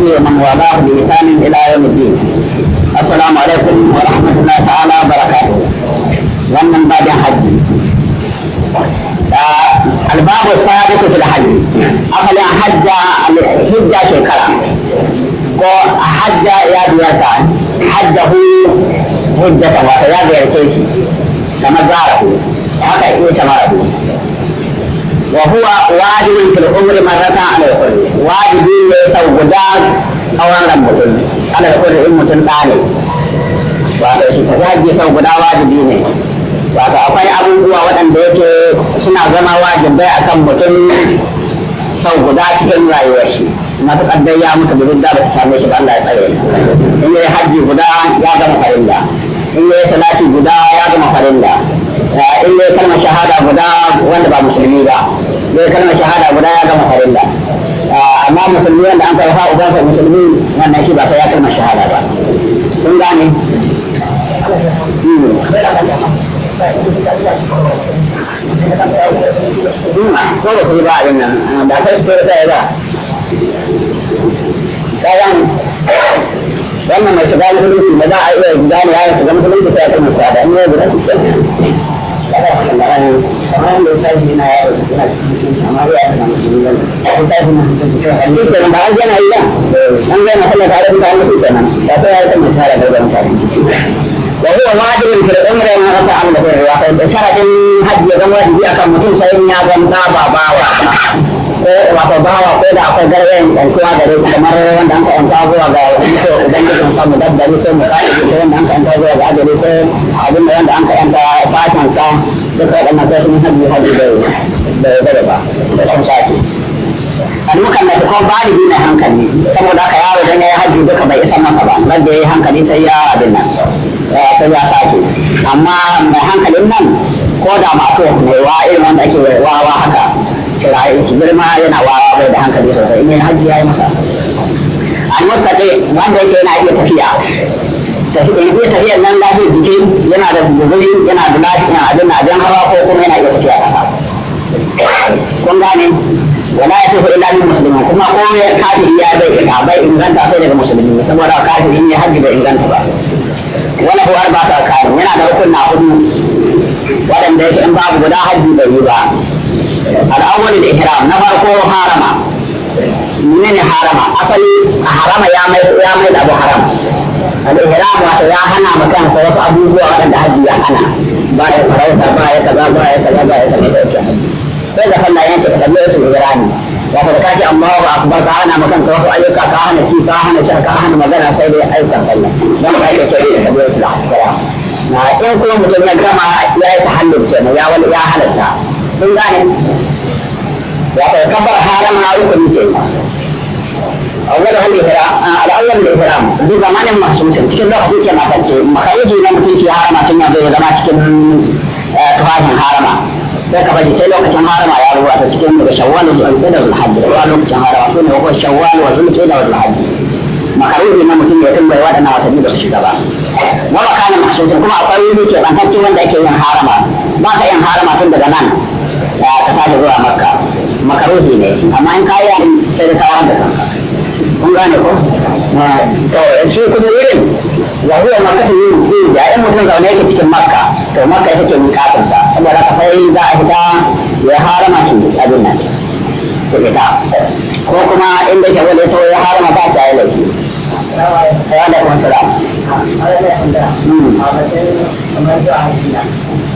وصحبه ومن والاه بلسان الى يوم الدين. السلام عليكم ورحمه الله تعالى وبركاته. ومن بعد حج. آه، الباب السابق في الحج أفلا حج الحجة شكرا وحج يا بيرتا حجه حجة يا بيرتيشي كما زاره haka iya tamara وهو واجب في العمر مرة على الكل واجب ليس وجدان أو على المتن على الكل المتن ثاني wato shi ta zaji sau guda wajibi ne wato akwai abubuwa waɗanda yake suna zama wajibai a kan mutum sau guda cikin rayuwar shi matuƙar dai ya mutu da da ta same shi ba Allah ya tsare in yi hajji guda ya gama farilla in yi salati guda ya gama farilla in dai kalmar shahada guda wanda ba musulmi ba dai kalmar shahada guda ya gama farilla amma musulmi wanda an karfa ubansa musulmi wannan shi ba sai ya kalmar shahada ba kun gane ko da sai ba abin nan ba sai sai sai ba kayan wannan mai shiga musulunci ba za a iya gane ya shiga musulunci sai a kalmar shahada in ya guda su وهو واجب في العمر ما قطع عمله في الواقع بشرط حد يزوج بأكم متوسع من هذا المتابع باوع wato bawa ko da akwai garwayan yankuwa gare shi kamar wanda an ka'anta zuwa ga mutu ubangijin sa mu daddare sai mu sa'i ko wanda an ka'anta zuwa ga adali sai abin da wanda an ka'anta sashen sa duka waɗannan sai sun hajji hajji da ya gare ba da ɗan sashi. Almukan da kuma ba ni na hankali saboda haka yaro dan ya yi hajji duka bai isa masa ba nan da ya yi hankali sai ya abin nan sai ya sake amma mai hankalin nan ko da ba to mai wa irin wanda ake wa haka kirayen shi girma yana wawa bai da hankali sosai in yana hajji ya yi masa an mutane wanda yake yana iya tafiya tafiya tafiyar nan lafiyar jiki yana da guguri yana da lafiya abin na abin hawa ko kuma yana iya tafiya ƙasa. kun gane wala ya tafi illa min musulmi kuma ko ya kafiri ya bai ina bai inganta sai daga musulmi saboda kafiri ne hajji bai inganta ba wala ko arba ta kayan yana da hukunna hudu waɗanda yake in babu guda hajji bai yi ba الاول الاحرام نبر كو حرمة منين حرمة اصلي حرمة يا ما يا ما ابو حرمة الاحرام وقت يا حنا مكان صوت ابو جو على الحج يا حنا بعد فرايت باي كذا باي كذا باي كذا كذا فلا ينسى تبليت الاحرام وقد كاك الله اكبر كان مكان صوت ابو كا كان في كا كان شر كا كان مزرعه سيد اي كان فلا ما هي كبير تبليت الاحرام na in kuma mutum ya gama ya yi ta hannun kenan ya wani ya halatta kun gane wato kabar harama rukuni ke awwal hal ihram al-awwal al-ihram bi zamanin mahsusin cikin lokacin ke makance makaribi na mutum shi harama tun yanzu ya zama cikin eh, tufafin harama sai ka bari sai lokacin harama ya ruwa ta cikin daga shawwal zuwa alƙada zuwa hajji ruwa lokacin harama sune ko shawwal wa zulqa'da wa hajji makaribi na mutum ya tun bai waɗannan watanni ba su shiga ba wa makana mahsusin kuma akwai wuri ke bantacce wanda ake yin harama ba ka yin harama tun daga nan ka sake zuwa makka makaruhi ne amma in ka yi sai da kawo da kanka kun gane ko to shi kuma irin ya huwa makka ta yi ruku ya yi mutum zaune yake cikin makka to makka ita ce mikatinsa saboda ka sai za a fita ya harama shi abin nan su fita ko kuma inda ke wani sau ya harama ba ta yi laifi Assalamu alaikum. Wa alaikum assalam. Hmm.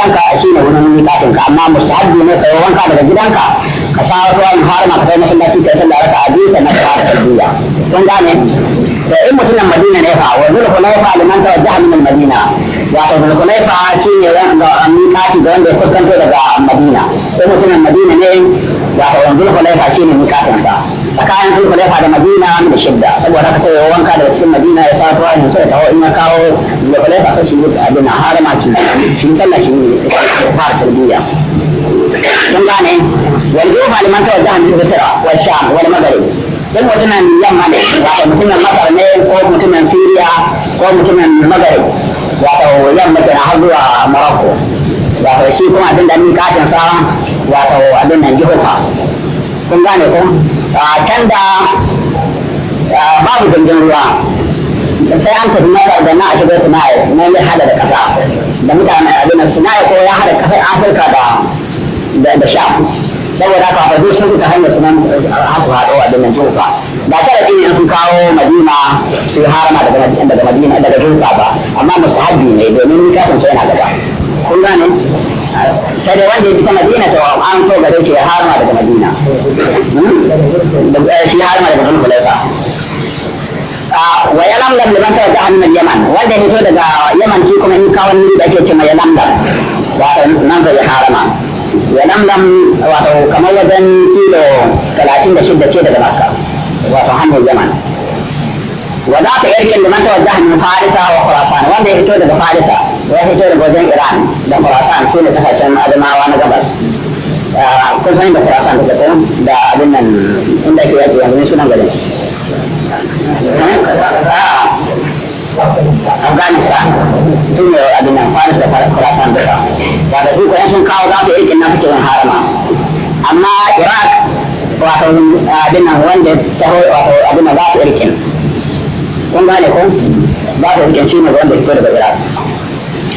gidanka shi ne wurin miƙatin ka amma mustahabbi ne kai wanka daga gidanka ka sa ruwan har ma ka kai masallaci kai sallah raka a biyu na ka fara tabbila kun gane to in mutumin Madina ne fa wa zulhu la yafa liman tawajjaha min al-Madina wato zulkulai fa shi ne mikati ga wanda ya fuskanto daga madina sai mutumin madina ne wato zulkulai fa shi ne mikatinsa tsakanin zulkulai fa da madina da shidda saboda haka sai ya wanka daga cikin madina ya sa ruwa ya mutu da taho in ya kawo zulkulai fa sai shi mutu abin a harama shi shi sallah shi ne fara tarbiyya kun gane wal jufa liman tawajjaha min bisra wal sham wal maghrib duk mutumin yamma ne wato mutumin masar ne ko mutumin siriya ko mutumin maghrib wato yamma kenan har zuwa Morocco wato shi kuma abin da ni katin sa wato abin nan jihuta kun gane ko can da babu gangin ruwa sai an tafi na da na a shigo sinai na yi hada da kasa da mutane abin sinai ko ya hada kasar afirka da da sha saboda haka duk sun ta hanyar sunan haku haɗo abin nan jihuta ba da ne sun kawo madina su harama daga madina daga madina daga jinsa ba amma mustahabbi ne domin kafin sai yana gaba kun gane sai dai wanda ya bi ta madina to an so gare shi ya harama daga madina hmm? eh, shi harama daga zulhu laifa ah, wa yalam lam liman ta ta hannun yaman wanda ya fito daga yaman shi kuma in kawo ni da ce ma yalam lam wato nan ga harama yalam lam wato kamar wajen kilo 36 ce daga makka وطعمه الزمان وذات ايدي اللي ما توجه من فارس وخراسان وين يهتود بفارس وين يهتود بوزين ايران بخراسان كل تخشم هذا ما وانا قبس آه، كل فين بخراسان تكتبون دا عدنا عندك يجي يعني من سنة قدر افغانستان تم ابن فارس وخراسان بقى بعد ذلك يسمى قاوضات ايك النفط من حرمان اما عراق wato abin nan wanda taho wato abin nan ba su irkin kun gane ko ba su irkin shi ne wanda fito daga iraq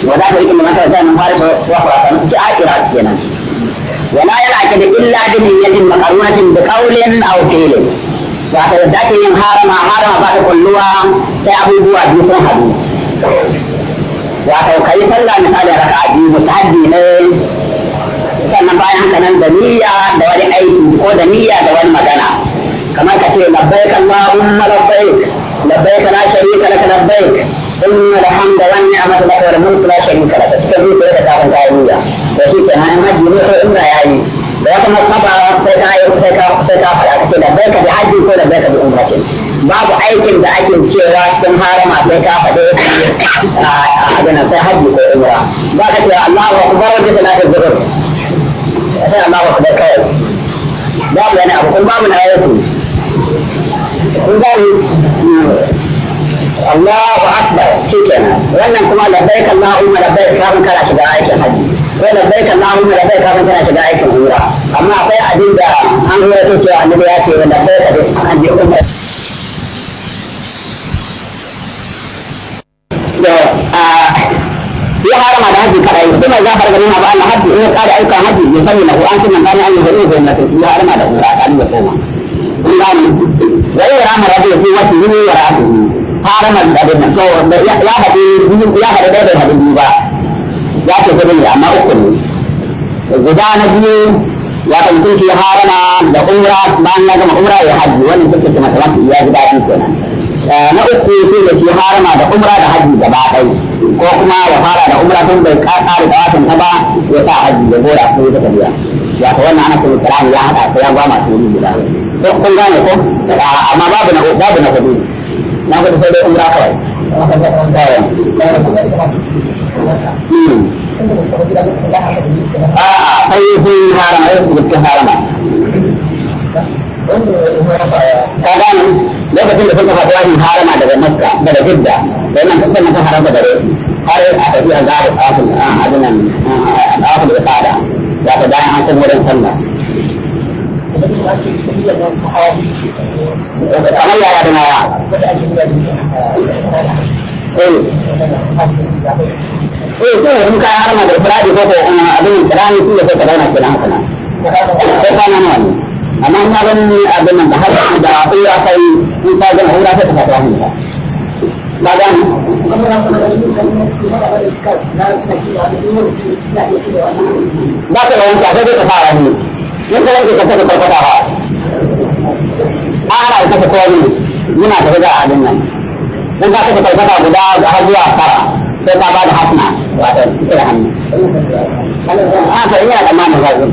wa za su irkin da matar zanen fara ta wafa a kan ci a iraq kenan wala yana ake da illa bin yajin makarunatin da kaulin au filin wato da ake yin harama harama ba ta kulluwa sai abubuwa biyu sun haɗu wato kai sallah misalin raka'a biyu musahabi ne sannan bayan kanan da niyya ko da niyya da wani magana kamar ka ce labbaik Allahumma labbaik labbaik la sharika lak labbaik inna alhamda wan ni'mata lak wal mulku la sharika lak ta yi da kafin kayan niyya da shi ke nan haji ne ko umra yi da wata masaba sai ka yi sai ka sai ka faɗa ka ce labbaik bi haji ko labbaik bi umra ce babu aikin da ake cewa sun harama sai ka a gina sai haji ko umra ba ka ce Allahu akbar wa jalla ta zuhur sai Allahu akbar kawai babu wani abu babu na kun gani Allahu akbar shi kenan wannan kuma kafin kana shiga aikin haji ko labbaik kafin kana shiga aikin umra amma akwai abin da an rawaito cewa annabi ya ce an ya harama da haji kadai kuma ya fara ganin ba Allah haji in ya tsara aika haji ya sani na Qur'an sunan kana an yi zai zai nasa ya harama da Qur'an ya koma sun ga ni wa ya rama da ya kuwa ki ne ya rama harama da da ko ya ya hadi ya hadi da da hadi ba ya ce sai ne uku ne guda na biyu ya kan kunki harama da umra man ya gama umra ya haji wannan take ce masalan ya ji dadi kenan Eh, na uku sai da ke harama da umra da haji gaba ɗai ko kuma ya fara da umra tun bai kare da watan ta ba ya sa haji da zora su ta tafiya ta wannan ana sun salami ya haɗa sai ya gwama su wuri guda ko kun gane ko eh, amma babu na babu na hudu na hudu sai dai umra kawai hmm. a'a sai sun harama sai su harama kadang dia betul betul tak faham haram ada di Mekah, ada di Jeddah. Dan nanti kita nak haram ada di hari ada di agar asal ah, ah, ah, ada nan asal di sana. Ya pada yang asal mungkin sana. Kamu yang ada nak? Eh, eh, tuh muka haram ada berapa? Eh, ada berapa? Ada berapa? Ada berapa? Ada berapa? Ada berapa? Ada berapa? Ada berapa? Ada berapa? Ada berapa? Ada berapa? Ada berapa? Ada berapa? kuma ban abin nan da har da hura sai in ta gama hura ta fata hin ta ba da ni ba ta da wanka sai ta fara ne in ka wanke ka ta karkata ha ara ita ta kowa ne muna da riga abin nan in ka saka karkata guda har zuwa tara sai ta ba da hasna wato ita da hannu a ta yana da mamu zazin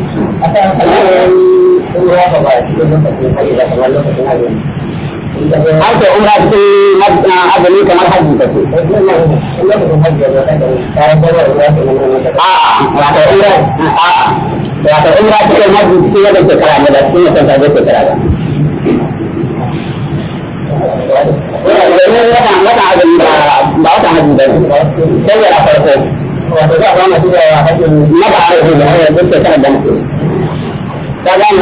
umra fa ba cikin lokacin hari da kamar lokacin azumi har ke umra cikin azumi kamar hajji ta ce a'a wato umra a'a wato umra cikin hajji cikin yadda shekara ne da cikin yadda sabon shekara ba wata azumi ba wata hajji ba sai yana farko wato za a kama shi da hajji na ba a rufe da hanyar zai shekara da musu sadan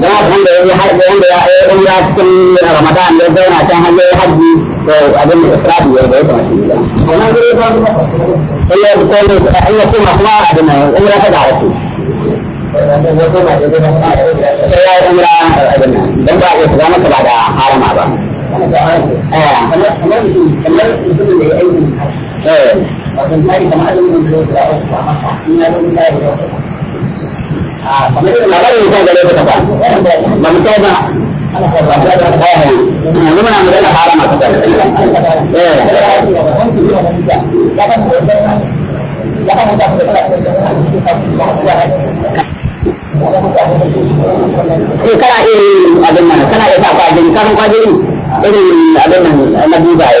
da wanda ya yi hajji wanda ya yi umra cikin ramadan ya zauna can hajji ya hajji to abin da israfi ya zai kamar shi da wannan gure ba mu sai ya ko ne an ya ce masu mara abin nan umra ta da wasu sai ya yi umra abin nan don ba ya fita masa ba da harama ba kamar mutum da ya aiki wasan tari kamar azumin da ya zai da wasu ba maka in ya zai da wasu mutum na bari mutum kana iya abin nan kana iya sa kwajin kan kwajin irin abin nan na dubaye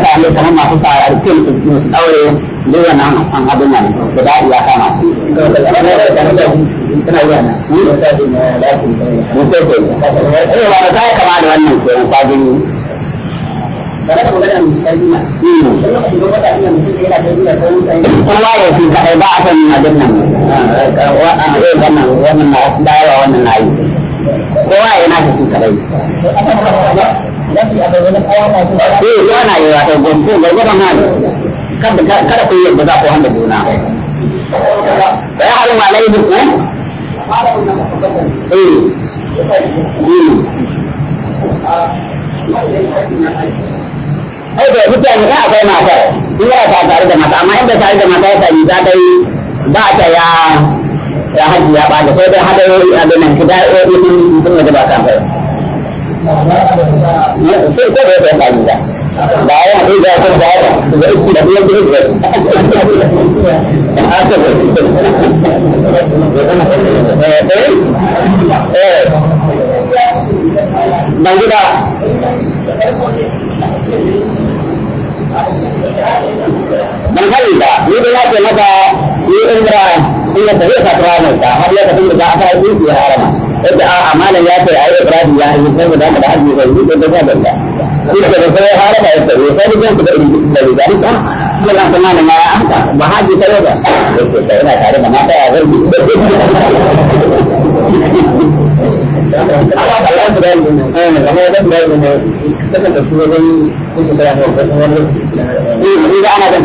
mutane kamar masu sa a cikin su su saure duk wannan an abin nan da da ya kama su suna yi wannan su ne sai sai ne ba ta kama da wannan sai sajin kada ka kowa ya fi kadai ba a san abin nan wannan wannan na wasu wannan na yi kowa ya na shi kadai eh kowa na yi wata gwamfo ga gwamfo na ne kada ku yi yadda za ku hanga juna sai harin malai duk ne eh ai da mutane kan akwai matar ta tare da mata amma inda tare da mata ya ta ba ta ya ya hajji ya ɓata sai dai a ki da'i sun ba sai da ya ya da ya da ya da da da ban gida ban sani ba ni dai na ce maka ni umra in da tafiya ta tura mai ta har lokacin da za a fara tsinci ya harama yadda a amana ya ce a yi ibrahim ya hajji sai da da hajji sai zuwa da zaba da shi da da sai harama ya ce sai da zan da irin da da ta kuma na kuma da ma ya amsa ba hajji sai da sai ina tare da mata ya zan ana jin ka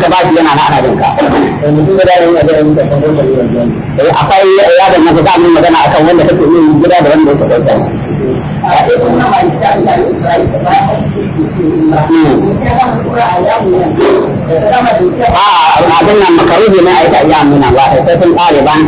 baki akwai ya da na za mu magana akan wanda kake yin gida da wanda a abin nan makaruhi na aika iya nuna ba sai sun kare bayan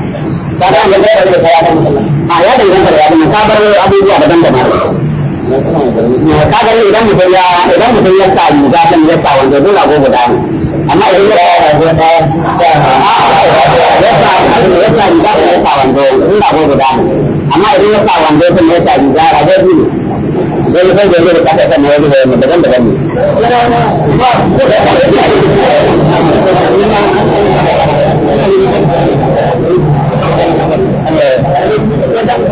kaga an gaba da sai ya a ya danganta da yadin sabar abubuwa daban daban kaga idan mutum ya idan mutum ya sa riga kan ya sa wanda dole ko guda ne amma idan ya sa ya sa ya sa ya sa riga kan ya sa wanda dole ko guda ne amma idan ya sa wanda sun ya sa riga ra da dole sai mutum ya zo da kasa sai ya zo da daban daban ne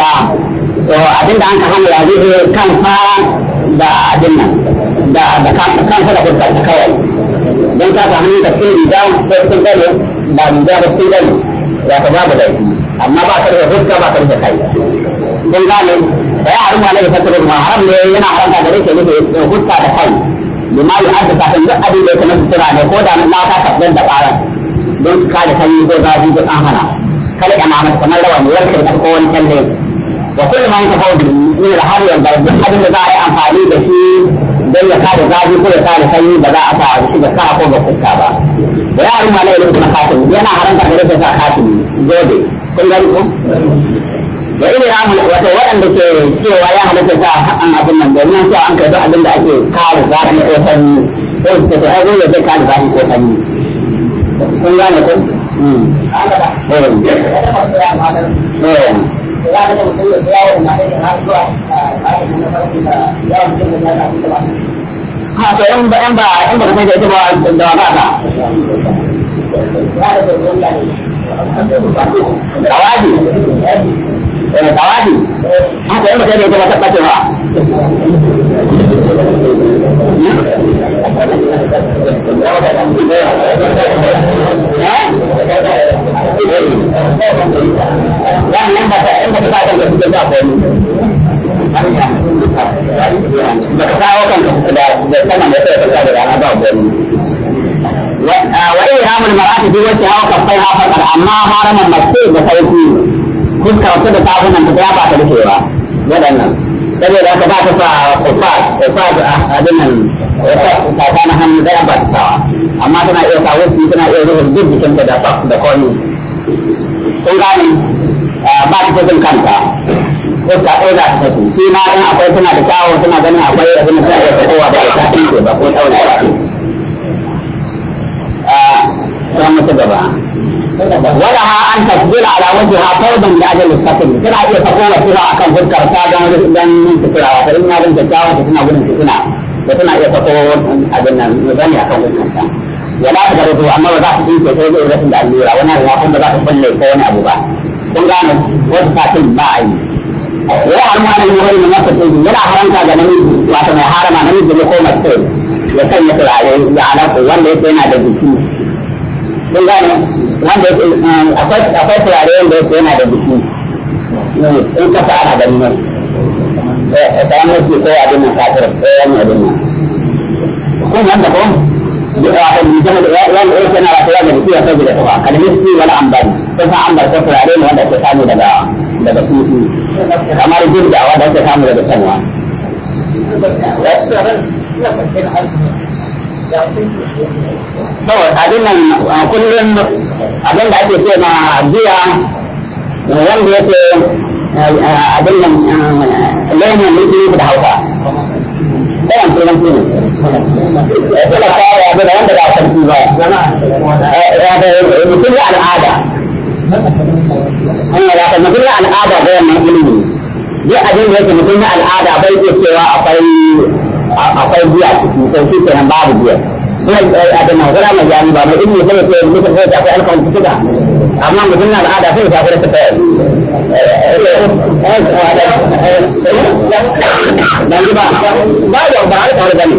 da abin da an ka hana da zai kansa da abin nan da da kansa da fuskar ta kawai don ka hannun da sun riga sai sun gane ba ba sun gane da ka babu laifi amma ba ka da hujja ba ka da kai kun gane da ya haruwa ne da sassa ma haram ne yana haramta gare shi ne da hujja da kai bima yi arda ta kan duk abin da ya kamata sura ne ko da na ta tafiyar da ƙarar don kare kan yi ko zafi ko an hana kada ka mamata kamar rawa ne yanka da ko wani kyalle wa kullum an ka kawo da har yanzu duk abin da za a yi amfani da shi don ya zafi ko ya sanyi ba za a sa shi da sa ko ba ba da ya ruma na irin yana da rasa khatimi gobe kun gani ko da irin wato waɗanda ke cewa ya halatta sa an abin nan cewa an abin da ake kada zafi ko sanyi ce ai dole zai kada zafi ko sanyi kun gane ko hmm. ha to yan ba yan ba yan ba kuma ita ba da da ba yang tawadi eh tawadi ha to yan ba sai da ba ta ta ce ba ha يعني لما انت تعرف انك تتجاوز وإيهام المرأة في وجهها وخفيها فقد أما هرم المكسور بسيطين كنت وصلت تعرف أن تتابع تلك ولا نعم saboda haka ba ta sa sofat sofat a abin nan sofat na hannu da ba ta amma tana iya sa wasu tana iya zuwa duk jikinta da socks da komi sun gane eh, ba ta sakin kanta ko ta ɗaya za ta sakin shi ma ɗan akwai suna da kyawu suna ganin akwai abin da suna iya sakowa da ita waje ha tauban da ajal satir suna iya sako wa tira akan fuskar ta don don su a wata in na don ta ciyawa ta suna gudun su suna da suna iya sako a ganin mutane kan fuskar ta wala ta amma ba za ta tsinke sai zai rashin da allura wani ruwa kuma ba za ta falle ko wani abu ba kun gane ta fatin ba a yi wani yana haramta ga namiji harama namiji ne ko ya sanya wanda ya yana da jiki sun gane wanda akwai um, turare wanda yake yana da jiki in kasa ana gani ne eh, a samu mafi sai abin nan kafir sai yan abin nan kun wanda ko duka wata mai zama da wanda yake yana ta wanda jiki ya saboda tufa kalmi su wani ambar sai sa ambar sai turare ne wanda ke samu daga daga susu kamar jirgawa da ke samu daga sanwa. Eh. abin nan kullum abin da ake ce ma jiya wanda yake abin nan launin musulunci da hausa tsayan turanci ne da kawo abin da wanda ba a karfi ba ya da mutum al'ada Allah ya kan mutum na al'ada ga wannan ilimi duk abin da yake mutum na al'ada bai iya cewa akwai akwai biya ciki sai shi kenan babu biya suna isra'i a dana zara mai jami ba mai ilmi sai ce mutum sai ta sai alfahari su ba amma mutum na al'ada sai ta fara sai dan ba ba da ba alfahari bane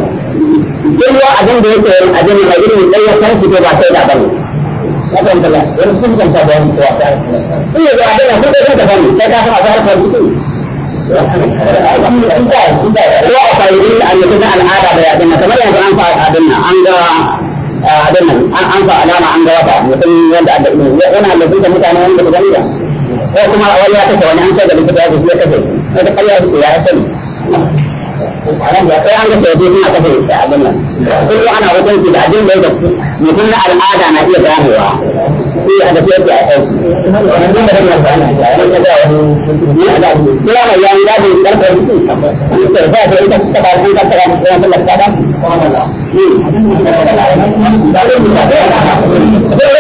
duk wa abin da yake abin mai ilmi sai ya kansu ke ba sai da bane sun san sabon wasa sun yi zuwa dana sun sai kansa bane sai ka fara fara su ko a kwayoyi da annabi na al'ada da ya sanna kamar yanzu an fara abin nan an ga abin nan an fa alama an ga wata musamman wanda an da ilimi yana da sun mutane wanda ba gani ba ko kuma wani ya kashe wani an sai da likita ya ce ya kashe wata kallon su ya sani tsaron da sai an ga tawaje suna kafin sai abin nan sun ana hukunci da ajin da yake mutum na al'ada na iya damuwa. sai da sai a sauki mutum da da da shi ya yi gadi karfa mutum sai sai sai ita ta ba kun ka tsara sai ta lafta da sai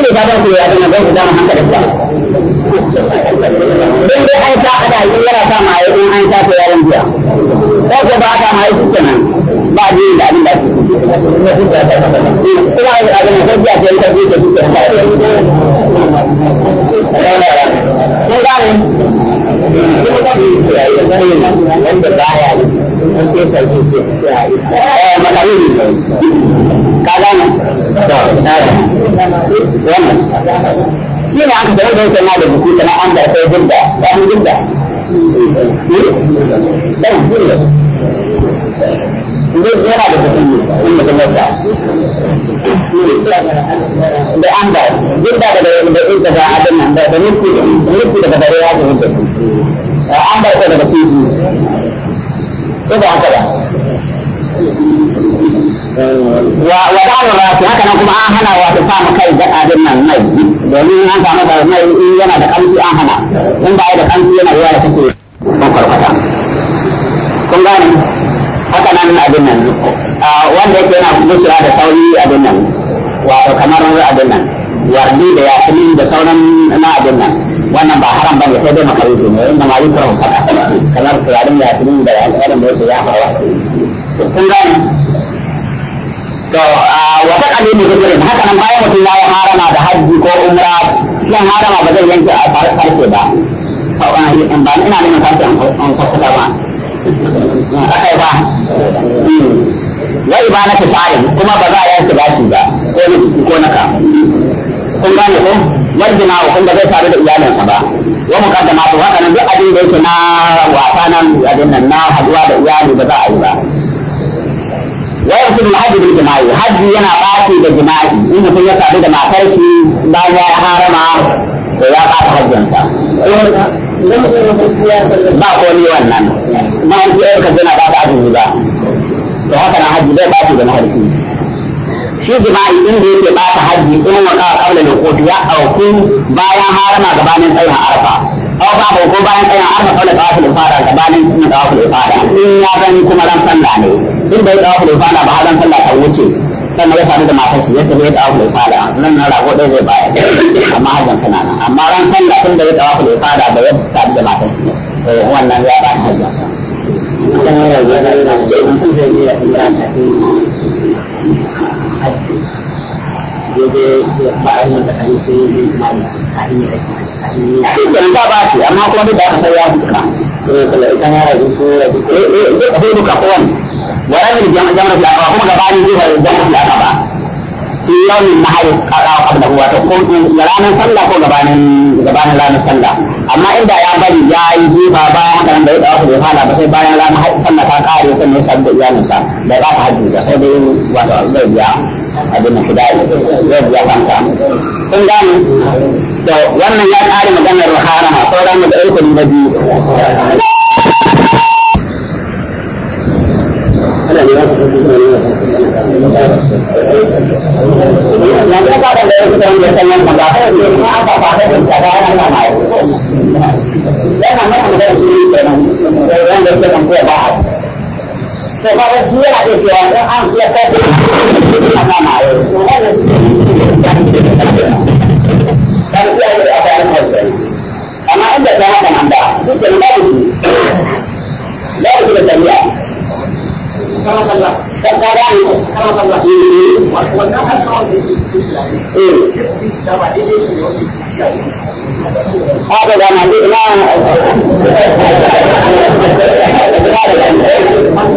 ne ba da ku ya da ga da hankali ba dan dai ai ta ada yin yara ta ma yaran jiya ko ko ba ta mai su kenan ba ji da abin da su ke kuma da abin da jiya sai ta ce su ke ba ko da ne wanda baya ne an ce sai su ce su ya yi eh makarin ka ga ne to wannan shi ne aka da wannan sai na da buku kana an da sai gudda sai gudda طيب جلس ليش ما هذا تسميه أمة الوسع؟ بأن بعد جدا بدأ أنت بعدنا بس نفسي نفسي بدأ هذا هو بس أن بعد هذا بسيط كذا كذا وبعض الرأس هكذا كما آهنا وتسامى كي أدنا المي لأنه أنت عمد المي إن ينا دخلت آهنا إن بعد دخلت ينا ولا تسوي kun gane haka nan abin nan wanda yake yana bushewa da sauri abin nan wato kamar abin nan wardi da yasemin da sauran na abin nan wannan ba haram bane sai dai makaruhi ne inda ma kuma haka kamar turarin yasemin da yasemin da yake ya fara kun gane to wata kalli ne gudurin haka nan bayan mutum ya yi harama da hajji ko umra yan harama ba zai yanke a farce ba a yi ɗan ba ina neman kwanci an kwakwata ba aka yi ba wai ba na ta tafayin kuma ba za a yanke bashi ba ko na biki ko na ka kun gane ko wanda na hukun da zai sadu da iyalinsa ba mu wa mukaddama to haka nan duk abin da yake na wasa nan abin nan na haduwa da iyali ba za a yi ba Wai wayan su hajji bil jima'i hajji yana baci da jima'i in mutum ya sadu da matar shi bayan ya haram da ya ƙara hajjansa. Ba ko ni wannan, ma an fi ɗaukar jana ba ta azumi ba, to haka na hajji bai ɓaci da maharci. Shi jima'i inda yake ɓata hajji in wa ƙawa ƙabla da kotu ya auku bayan harama gabanin tsayin arfa. aw ba ko bayan kayan arba sallar tawaful ifada gabanin sunna tawaful ifada in ya zan kuma ran sallah ne in bai tawaful ifada ba ran sallah ta wuce sannan ya sadu da matar shi yadda bai tawaful ifada nan na rago dai zai baya amma hajjan sana nan amma ran sallah tun da ya tawaful ifada da ya sadu da matar shi eh, wannan ya ba daidai ma'aikatan da kan sai yi ba ba ce amma kuma duk da aka eh, sai ya fuska saboda isan ya rasu su rasu zai tafi duka kowane wani da jama'a jama'a kuma gabani zai ba jama'a da ba في يوم النحر أو قبله وتقوم ranar sallah ko gabanin gabanin ranar sallah amma inda ya bari ya yi jifa bayan haka da ya tsawo bai fara ba sai bayan ranar da ka ta hajji sai dai wato zai biya abin da kudai zai biya banka kun gani to wannan ya kare maganar harama sauran mu da irkun da ji Thank you. Sebab dia nak jadi orang, dia nak jadi orang, dia nak jadi orang, dia nak jadi orang, dan dia ada apa yang terjadi. Karena anda jangan akan anda, itu sebenarnya itu. Dari kita terlihat. Kalau sama Sekarang, kalau sama Ini, waktu-waktu akan kau dikisi lagi. Ini. Dapat ini, ini. Apa yang nanti, nah.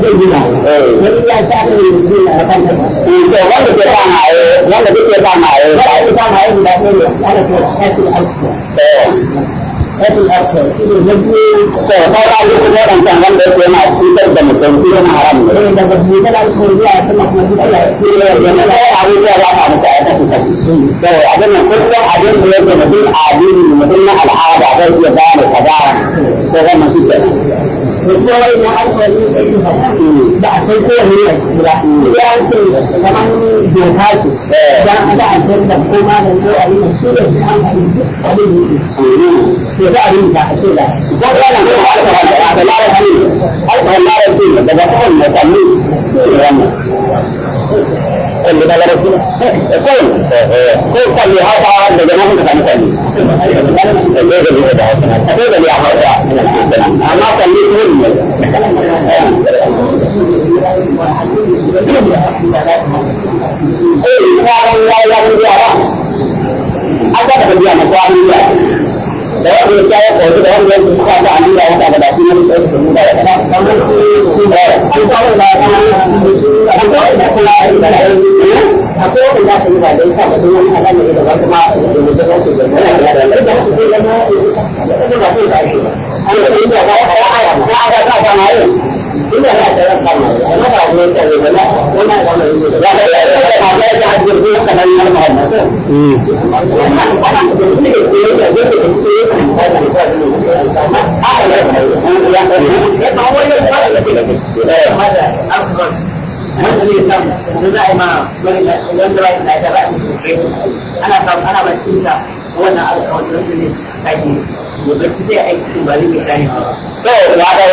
zai gina wasu ya sa su yi su na kan eh, wanda ke ba maye eh, wanda duk ya ba maye eh, ba ya ba maye guda sai ne ana da hatin na biyu cutar da mutum shi ne haram da ba su zuwa sama kuma su abubuwa za ka musu a sassu sassu saboda abin nan kullum abin da yake mutum addini mutum na al'ada zai iya samun kazara ko zama shi ke mutum wani na alƙawari da yi ba a san ko wani a ciki ba ya hmm. ce kamar doka ce eh. dan hmm. a da a san da ko ma da ko a yi shi da shi an yi abin da yake to da abin da ka ce da ko wannan ko ba ka da ka da hali alƙawarin da yake da ba ko ne sanni wannan قال لي بقى رسول الله قول قول صلي هذا عند جنابك تعمل صلي so ya ga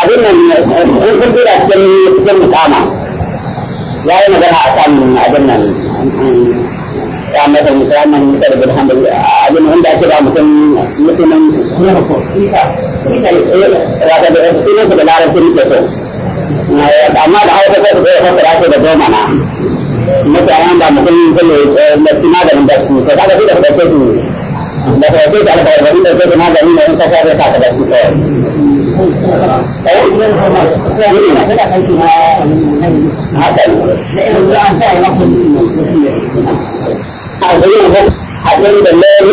abin nan sun kun tura cikin mutama ya yi magana a kan abin nan ta masa musamman musa da bilhan da abin wanda ake ba mutum musulmin isa wata da sunan su da larabci ne so amma da hauka sai ku tsaye fasara da goma na mutanen ba mutum sun ne maganin da su sai kaga su da fasashe su لكن لو جيت على فرض لو جيت ماذا من انسى فهذا ساعه بس سواء. حتى يقول حتى يقول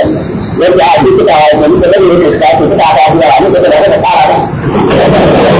yanzu a yi kisa wani sanar da yake sa su suka ta zuwa a nisa da wata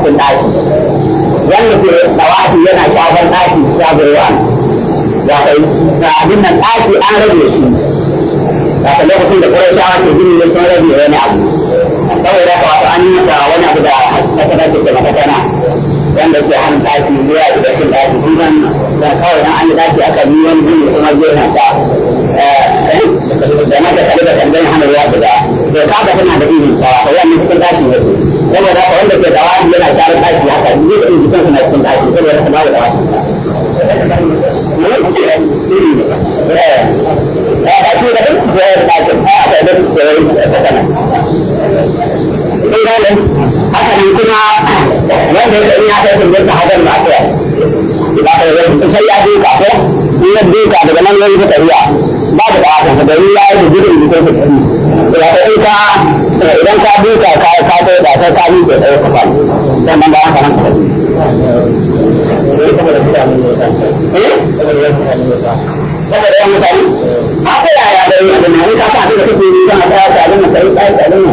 cikin ɗaki wanda ke tsawafi yana kyafan ɗaki shagorwa ya kai abin nan ɗaki an rage shi ya kai lokacin da kuraitawa ke gini ne sun rage wani abu saboda haka wato an yi wani abu da masana ke wanda ke hana ɗaki zuwa da shi ɗaki sun zan kawai an yi ɗaki aka yi wani gini kuma zai eh, eh, da mata kalli da kan hana ruwa shiga bai saba tana da izin sawa ko wannan cikin daki ne saboda haka wanda ke da wani yana share daki haka zai da inji kansa na cikin daki saboda haka babu da wani haka ne kuma wanda ya kai ya kai sun yadda hadar ba ta ba ta sai ya duka ko in ya duka daga nan yayi ta tafiya babu da da ka gari ya yi da gudun da sai ka ci da ka ɗauka idan ka duka ka ka sai da sai ka miƙe tsaye ka fara sannan bayan ka nan ka saboda yan mutane a ta yaya da yin abin nan ka sa ka kake yi kana tsaya ta abin nan sai tsaya ta abin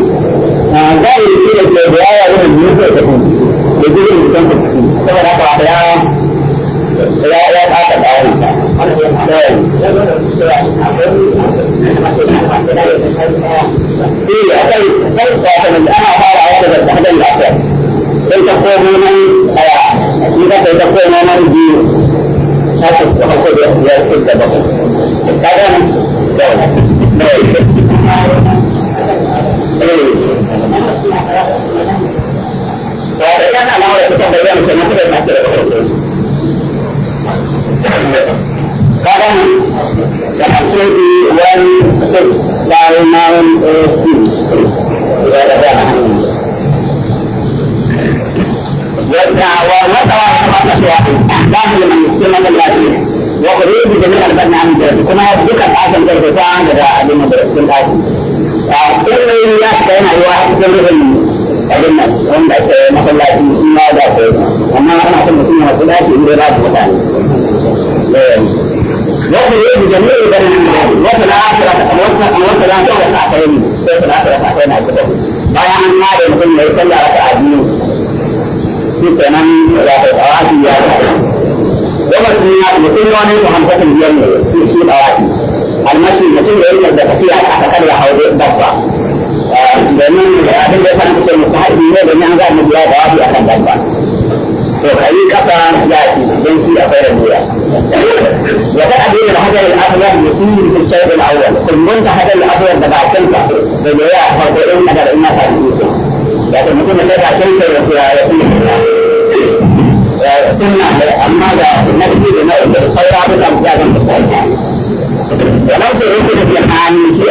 nan zai yi da ke da yawa da yin da ke da gudun da sai ka ci saboda haka ya كيف تتأمر على هذا التحدي الأخير؟ كيف تكون من كيف تكون من دين شخص تأخذ يأخذ البطل؟ هذا من وإذا أنا أرى تتبين كما تبين مسألة الخروج Sekarang termasuk di yang selama ومطلع حرمات الشواحن داخل من السنة التي وخروج جميع البدن عن الزوج كما يبقى حسن زوج ساعة لدى عزيمة السنة حسن فكل الناس كان الواحد سنهم الناس هم بس ما شاء الله في السنة وما أنا أصلا سنة وسنة في الإيراد مثلا الإسلام وقل يد جميع بني عمال وفي الآخرة أموت لا دولة عشرين سورة العشرة عشرين على سبب ضيع عن مال المسلم يصلى ركعتين في تمام الأوقات وقت المسلم يوم وخمسة يوم في في الأوقات المشي المسلم يوم الزكاة تحت لا حوض ضفة لأنه هذا ليس عن المستحيل من يوم أن لا المجلس هذا أخذ ضفة to kai kasa yaki don shi a tsayar doya wa ta abin da hadar al-aswad yusiru fi shayb al-awwal kullun ta hadar al-aswad da bakin ka da doya ta ko in kada in ta yi su da ta mutum da ta kai da su ya su sunna ne amma da nabi da na da saura da ta ga da sai ta wannan ce yake da hali